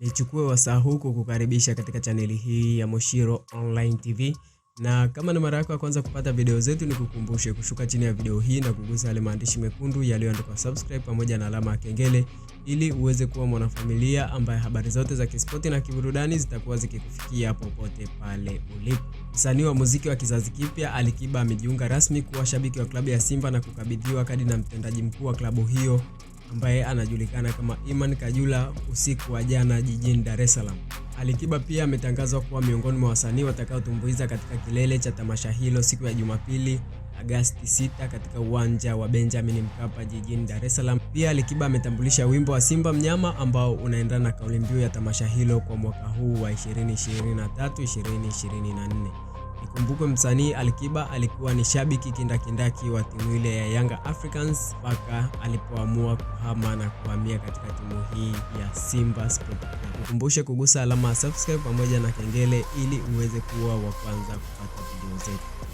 nichukue wasaa huku kukaribisha katika chaneli hii ya Moshiro Online TV, na kama ni mara yako ya kwanza kupata video zetu, ni kukumbushe kushuka chini ya video hii na kugusa yale maandishi mekundu yaliyoandikwa subscribe pamoja na alama ya kengele, ili uweze kuwa mwanafamilia ambaye habari zote za kispoti na kiburudani zitakuwa zikikufikia popote pale ulipo. Msanii wa muziki wa kizazi kipya Alikiba amejiunga rasmi kuwa shabiki wa klabu ya Simba na kukabidhiwa kadi na mtendaji mkuu wa klabu hiyo ambaye anajulikana kama Iman Kajula usiku wa jana jijini Dar es Salaam. Alikiba pia ametangazwa kuwa miongoni mwa wasanii watakaotumbuiza katika kilele cha tamasha hilo siku ya Jumapili Agasti 6 katika uwanja wa Benjamin Mkapa jijini Dar es Salaam. Pia Alikiba ametambulisha wimbo wa Simba Mnyama ambao unaendana na kauli mbiu ya tamasha hilo kwa mwaka huu wa 2023 2024. Ikumbukwe msanii Alikiba alikuwa ni shabiki kindakindaki wa timu ile ya Yanga Africans mpaka alipoamua kuhama na kuhamia katika timu hii ya Simba Sport. Nikukumbushe kugusa alama ya subscribe pamoja na kengele ili uweze kuwa wa kwanza kupata video zetu.